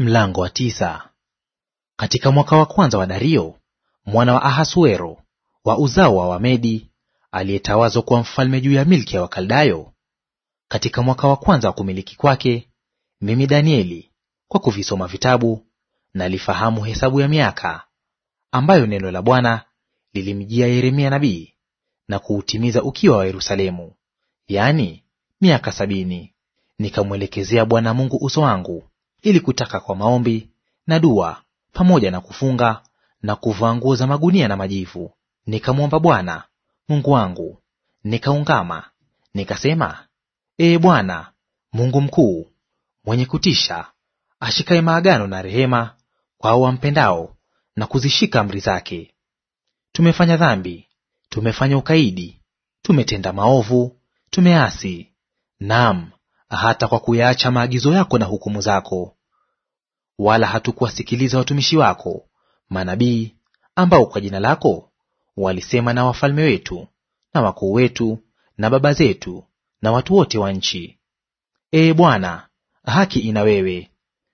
Mlango wa tisa. Katika mwaka wa kwanza wa Dario mwana wa Ahasuero wa uzao wa Wamedi aliyetawazwa kuwa mfalme juu ya milki ya Wakaldayo, katika mwaka wa kwanza wa kumiliki kwake, mimi Danieli kwa kuvisoma vitabu nalifahamu hesabu ya miaka, ambayo neno la Bwana lilimjia Yeremia nabii na kuutimiza ukiwa wa Yerusalemu, yaani miaka sabini. Nikamwelekezea Bwana Mungu uso wangu ili kutaka kwa maombi na dua pamoja na kufunga na kuvaa nguo za magunia na majivu. Nikamwomba Bwana Mungu wangu, nikaungama, nikasema, Ee Bwana Mungu mkuu, mwenye kutisha, ashikaye maagano na rehema kwa hao wampendao na kuzishika amri zake. Tumefanya dhambi, tumefanya ukaidi, tumetenda maovu, tumeasi; naam, hata kwa kuyaacha maagizo yako na hukumu zako. Wala hatukuwasikiliza watumishi wako manabii, ambao kwa jina lako walisema na wafalme wetu na wakuu wetu na baba zetu na watu wote wa nchi. Ee Bwana, haki ina wewe,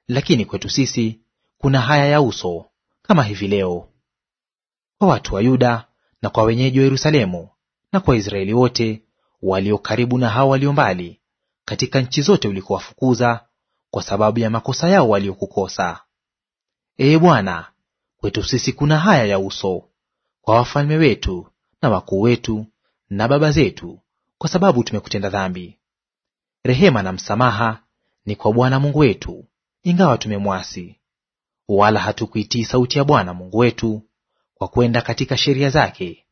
lakini kwetu sisi kuna haya ya uso kama hivi leo. Kwa watu wa Yuda na kwa wenyeji wa Yerusalemu na kwa Israeli wote walio karibu na hao walio mbali, katika nchi zote ulikowafukuza kwa sababu ya makosa yao waliokukosa. Ee Bwana, kwetu sisi kuna haya ya uso kwa wafalme wetu na wakuu wetu na baba zetu, kwa sababu tumekutenda dhambi. Rehema na msamaha ni kwa Bwana Mungu wetu, ingawa tumemwasi, wala hatukuitii sauti ya Bwana Mungu wetu kwa kwenda katika sheria zake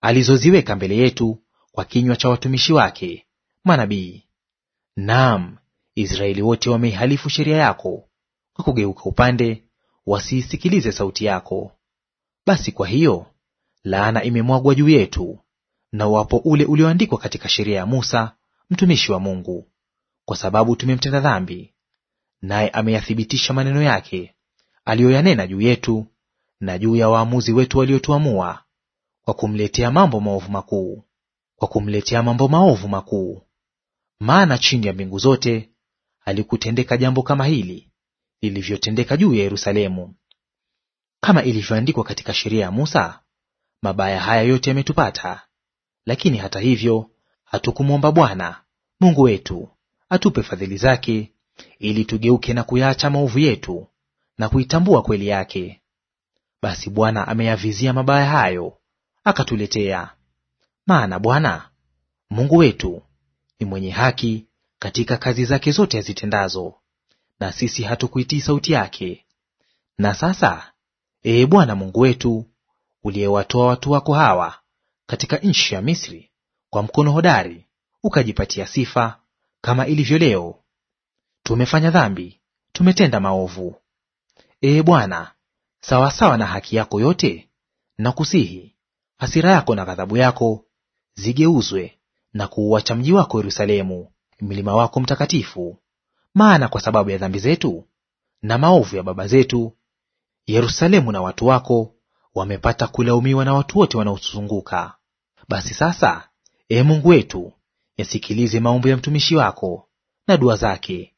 alizoziweka mbele yetu kwa kinywa cha watumishi wake manabii Naam, Israeli wote wameihalifu sheria yako kwa kugeuka upande, wasiisikilize sauti yako. Basi kwa hiyo laana imemwagwa juu yetu na uwapo ule ulioandikwa katika sheria ya Musa mtumishi wa Mungu, kwa sababu tumemtenda dhambi, naye ameyathibitisha maneno yake aliyoyanena juu yetu na juu ya waamuzi wetu waliotuamua, kwa kumletea mambo maovu makuu, kwa kumletea mambo maovu makuu. Maana chini ya mbingu zote halikutendeka jambo kama hili lilivyotendeka juu ya Yerusalemu. Kama ilivyoandikwa katika sheria ya Musa, mabaya haya yote yametupata. Lakini hata hivyo hatukumwomba Bwana Mungu wetu atupe fadhili zake, ili tugeuke na kuyaacha maovu yetu na kuitambua kweli yake. Basi Bwana ameyavizia mabaya hayo akatuletea. Maana Bwana Mungu wetu ni mwenye haki katika kazi zake zote azitendazo, na sisi hatukuitii sauti yake. Na sasa, ee Bwana Mungu wetu, uliyewatoa watu wako hawa katika nchi ya Misri kwa mkono hodari, ukajipatia sifa kama ilivyo leo, tumefanya dhambi, tumetenda maovu. Ee Bwana, sawasawa na haki yako yote, na kusihi hasira yako na ghadhabu yako zigeuzwe na kuuacha mji wako Yerusalemu, mlima wako mtakatifu. Maana kwa sababu ya dhambi zetu na maovu ya baba zetu, Yerusalemu na watu wako wamepata kulaumiwa na watu wote wanaotuzunguka. Basi sasa, e Mungu wetu, yasikilize maombi ya mtumishi wako na dua zake,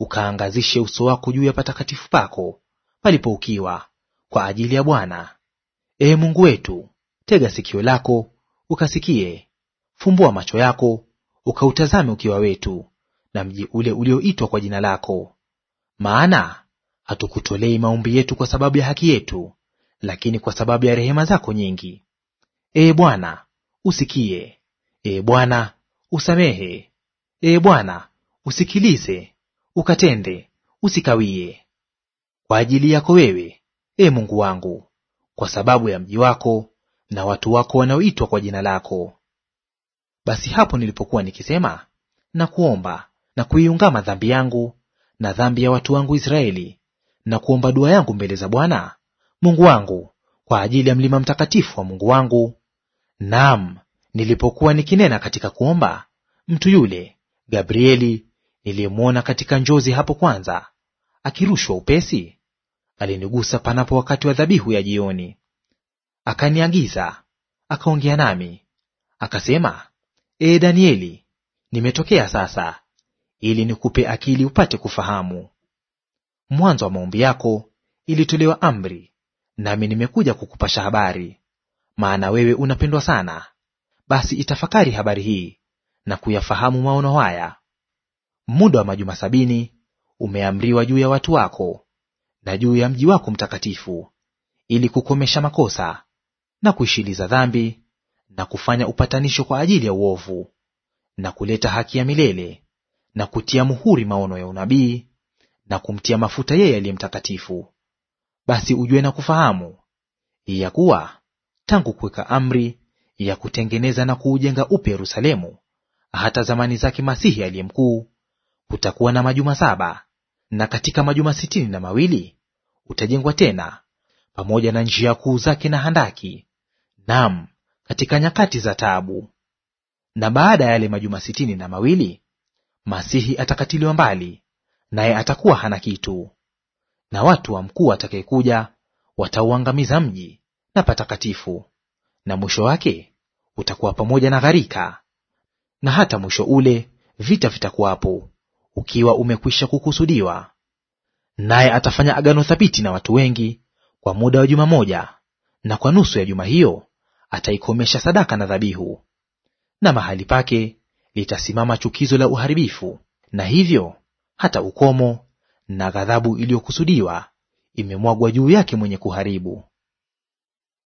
ukaangazishe uso wako juu ya patakatifu pako palipo ukiwa kwa ajili ya Bwana. e Mungu wetu, tega sikio lako ukasikie fumbua macho yako ukautazame ukiwa wetu, na mji ule ulioitwa kwa jina lako. Maana hatukutolei maombi yetu kwa sababu ya haki yetu, lakini kwa sababu ya rehema zako nyingi. Ee Bwana, usikie; Ee Bwana, usamehe; Ee Bwana, usikilize, ukatende, usikawie. Kwa ajili yako wewe, ee Mungu wangu, kwa sababu ya mji wako na watu wako wanaoitwa kwa jina lako. Basi hapo nilipokuwa nikisema na kuomba na kuiungama dhambi yangu na dhambi ya watu wangu Israeli, na kuomba dua yangu mbele za Bwana Mungu wangu kwa ajili ya mlima mtakatifu wa Mungu wangu, naam, nilipokuwa nikinena katika kuomba, mtu yule Gabrieli niliyemwona katika njozi hapo kwanza akirushwa upesi, alinigusa panapo wakati wa dhabihu ya jioni, akaniagiza akaongea nami akasema, E Danieli, nimetokea sasa, ili nikupe akili upate kufahamu. Mwanzo wa maombi yako ilitolewa amri, nami nimekuja kukupasha habari, maana wewe unapendwa sana. Basi itafakari habari hii na kuyafahamu maono haya. Muda wa majuma sabini umeamriwa juu ya watu wako na juu ya mji wako mtakatifu, ili kukomesha makosa na kuishiliza dhambi na kufanya upatanisho kwa ajili ya uovu, na kuleta haki ya milele, na kutia muhuri maono ya unabii, na kumtia mafuta yeye aliye mtakatifu. Basi ujue na kufahamu ya kuwa tangu kuweka amri ya kutengeneza na kuujenga upya Yerusalemu hata zamani zake Masihi aliye mkuu kutakuwa na majuma saba, na katika majuma sitini na mawili utajengwa tena pamoja na njia kuu zake na handaki, naam katika nyakati za taabu. Na baada ya yale majuma sitini na mawili Masihi atakatiliwa mbali, naye atakuwa hana kitu, na watu wa mkuu atakayekuja watauangamiza mji na patakatifu, na mwisho wake utakuwa pamoja na gharika. Na hata mwisho ule vita vitakuwapo, ukiwa umekwisha kukusudiwa. Naye atafanya agano thabiti na watu wengi kwa muda wa juma moja, na kwa nusu ya juma hiyo ataikomesha sadaka na dhabihu, na mahali pake litasimama chukizo la uharibifu, na hivyo hata ukomo na ghadhabu iliyokusudiwa imemwagwa juu yake mwenye kuharibu.